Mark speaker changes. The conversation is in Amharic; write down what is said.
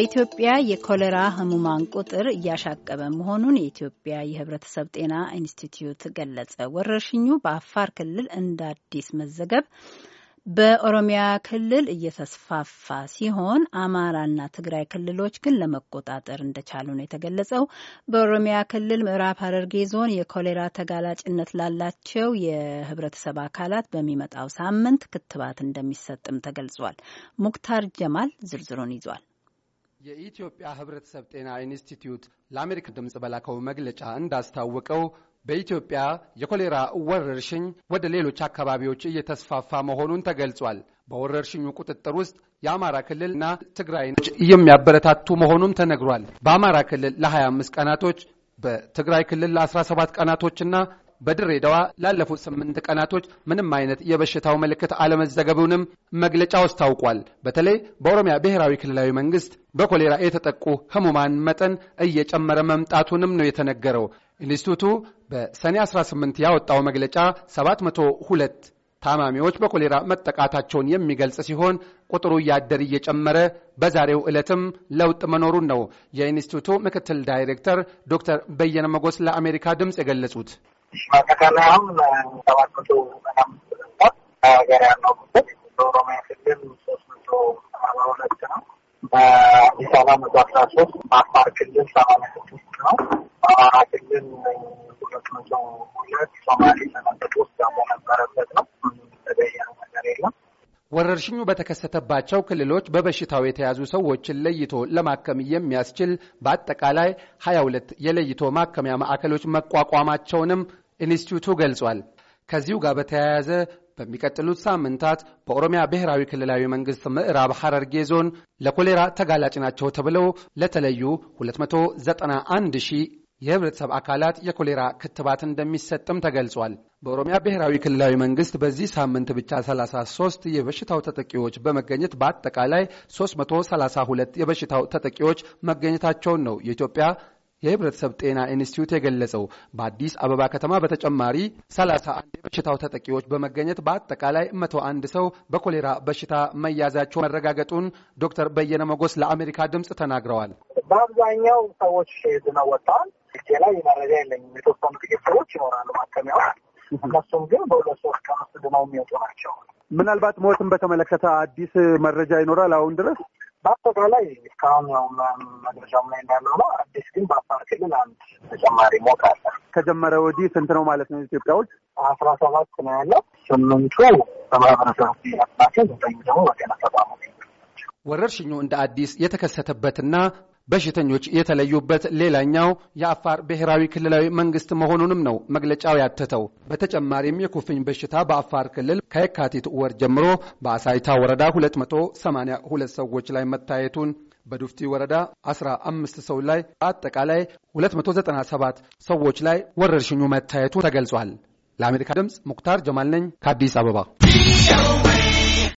Speaker 1: በኢትዮጵያ የኮሌራ ህሙማን ቁጥር እያሻቀበ መሆኑን የኢትዮጵያ የህብረተሰብ ጤና ኢንስቲትዩት ገለጸ። ወረርሽኙ በአፋር ክልል እንደ አዲስ መዘገብ በኦሮሚያ ክልል እየተስፋፋ ሲሆን አማራና ትግራይ ክልሎች ግን ለመቆጣጠር እንደቻሉ ነው የተገለጸው። በኦሮሚያ ክልል ምዕራብ ሐረርጌ ዞን የኮሌራ ተጋላጭነት ላላቸው የህብረተሰብ አካላት በሚመጣው ሳምንት ክትባት እንደሚሰጥም ተገልጿል። ሙክታር ጀማል ዝርዝሩን ይዟል።
Speaker 2: የኢትዮጵያ ሕብረተሰብ ጤና ኢንስቲትዩት ለአሜሪካ ድምፅ በላከው መግለጫ እንዳስታወቀው በኢትዮጵያ የኮሌራ ወረርሽኝ ወደ ሌሎች አካባቢዎች እየተስፋፋ መሆኑን ተገልጿል። በወረርሽኙ ቁጥጥር ውስጥ የአማራ ክልልና ትግራይ የሚያበረታቱ መሆኑም ተነግሯል። በአማራ ክልል ለ25 ቀናቶች፣ በትግራይ ክልል ለ17 ቀናቶችና በድሬዳዋ ላለፉት ስምንት ቀናቶች ምንም አይነት የበሽታው ምልክት አለመዘገቡንም መግለጫው አስታውቋል። በተለይ በኦሮሚያ ብሔራዊ ክልላዊ መንግስት በኮሌራ የተጠቁ ህሙማን መጠን እየጨመረ መምጣቱንም ነው የተነገረው። ኢንስቲቱቱ በሰኔ 18 ያወጣው መግለጫ 702 ታማሚዎች በኮሌራ መጠቃታቸውን የሚገልጽ ሲሆን ቁጥሩ እያደር እየጨመረ በዛሬው ዕለትም ለውጥ መኖሩን ነው የኢንስቲቱቱ ምክትል ዳይሬክተር ዶክተር በየነ መጎስ ለአሜሪካ ድምፅ የገለጹት።
Speaker 1: መጠቃላይ አሁን ሰባት መቶ ሀገር ያለው ቁጥር በኦሮሚያ ክልል ሶስት መቶ ሰማንያ ሁለት ነው። በአዲስ አበባ መቶ አስራ ሶስት በአፋር ክልል ሰማንያ ስድስት ነው። በአማራ ክልል
Speaker 2: ሁለት መቶ ሁለት ሶማሌ ሰናበት ውስጥ ያሞላ ወረርሽኙ በተከሰተባቸው ክልሎች በበሽታው የተያዙ ሰዎችን ለይቶ ለማከም የሚያስችል በአጠቃላይ 22 የለይቶ ማከሚያ ማዕከሎች መቋቋማቸውንም ኢንስቲትዩቱ ገልጿል። ከዚሁ ጋር በተያያዘ በሚቀጥሉት ሳምንታት በኦሮሚያ ብሔራዊ ክልላዊ መንግስት ምዕራብ ሐረርጌ ዞን ለኮሌራ ተጋላጭ ናቸው ተብለው ለተለዩ 291 ሺህ የህብረተሰብ አካላት የኮሌራ ክትባት እንደሚሰጥም ተገልጿል። በኦሮሚያ ብሔራዊ ክልላዊ መንግስት በዚህ ሳምንት ብቻ 33 የበሽታው ተጠቂዎች በመገኘት በአጠቃላይ 332 የበሽታው ተጠቂዎች መገኘታቸውን ነው የኢትዮጵያ የህብረተሰብ ጤና ኢንስቲትዩት የገለጸው በአዲስ አበባ ከተማ በተጨማሪ 31 የበሽታው ተጠቂዎች በመገኘት በአጠቃላይ 101 ሰው በኮሌራ በሽታ መያዛቸው መረጋገጡን ዶክተር በየነ መጎስ ለአሜሪካ ድምፅ ተናግረዋል።
Speaker 1: በአብዛኛው ሰዎች ድነው ወጥተዋል። ላይ መረጃ የለኝም። የተወሰኑ ጥቂት ሰዎች ይኖራሉ ማከሚያዋል። እነሱም ግን በሁለት ሶስት ቀን ውስጥ ድነው የሚወጡ ናቸው።
Speaker 2: ምናልባት ሞትን በተመለከተ አዲስ መረጃ ይኖራል አሁን ድረስ በአጠቃላይ እስካሁን ያው መግለጫውም ላይ እንዳለው ነው። ተጨማሪ ሞት አለ። ከጀመረ ወዲህ ስንት ነው ማለት ነው ኢትዮጵያዎች? አስራ ሰባት ነው ያለው።
Speaker 1: ስምንቱ በማህበረሰቡ ናቸው፣ ደግሞ በጤና
Speaker 2: ወረርሽኙ እንደ አዲስ የተከሰተበትና በሽተኞች የተለዩበት ሌላኛው የአፋር ብሔራዊ ክልላዊ መንግስት መሆኑንም ነው መግለጫው ያተተው። በተጨማሪም የኩፍኝ በሽታ በአፋር ክልል ከየካቲት ወር ጀምሮ በአሳይታ ወረዳ 282 ሰዎች ላይ መታየቱን በዱፍቲ ወረዳ 15 ሰው ላይ በአጠቃላይ 297 ሰዎች ላይ ወረርሽኙ መታየቱ ተገልጿል። ለአሜሪካ ድምፅ ሙክታር ጀማል ነኝ ከአዲስ አበባ